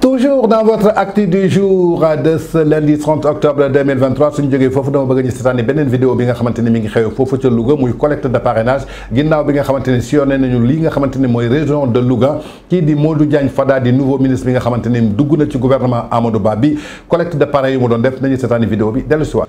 toujours dans votre actu du jour de ce lundi 30 octobre 2023 suñu jógee foofu dama bëgg ñu seetaani beneen vidéo bi nga xamante ne mi ngi xew foofu ca Louga muy collecte de parrainage ginnaaw bi nga xamante ne sillonné nañu lii nga xamante ne mooy région de Louga kii di Modou Diagne Fada di nouveau ministre bi nga xamante ne na ci gouvernement Amadou Ba bi collecte de parrain yu mu doon def nañu seetaani vidéo bi dellu si waat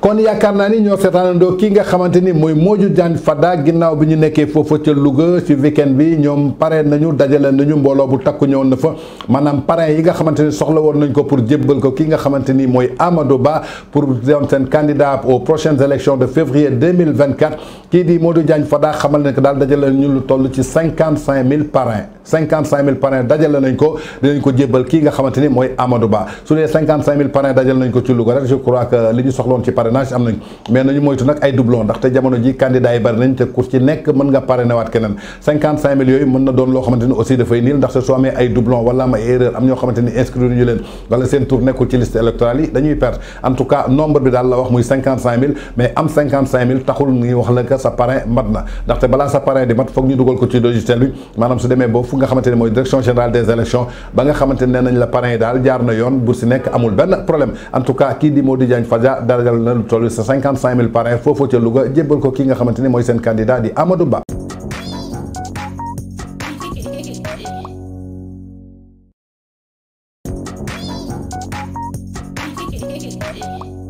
kon yakarna naa ni ñoo do ki nga xamanteni moy mooy Modou Diagne Fada ginnaw biñu nekké nekkee foofa ca Louga ci weekend bi ñom pare nañu dajale nañu mbolo bu takku ñëwoon na fa maanaam parrain yi nga xamanteni soxla woon nañ ko pour jébbal ko ki nga xamanteni moy Amadou Ba pour doon candidat aux prochaines élections de février 2024 ki di Modou Diagne Fada xamal ne que daal dajale ñu lu toll ci 55000 cinq cinquante cinq mille parrain dajale nañ ko dinañ ko jébbal kii nga xamante ni mooy Amadou Ba su dee cinquante dajale nañ ko ci Louga rek je crois que li ñu soxloon ci parrainage am nañ mais nañu moytu nag ay doublon ndaxte jamono ji candidat yi bari nañ te ku ci nekk mën nga parrainé waat keneen cinquante cinq mille yooyu mën na doon loo xamante ni aussi dafay niil ndaxte soo amee ay doublon wala am ay am ñoo xamante ni inscrire ñu leen wala seen tour nekkul ci liste électorale la wax muy ko ci foofu nga xamante ne direction générale des élections ba nga xamantene ne nañ la parrain dal jaar na yoon bu si nekk amul ben problème en tout cas ki di Modou Diagne Fada daragal na lu toll sa parrain fofu ca Louga jébbal ko ki nga xamantene moy sen candidat di Amadou Ba. Thank you.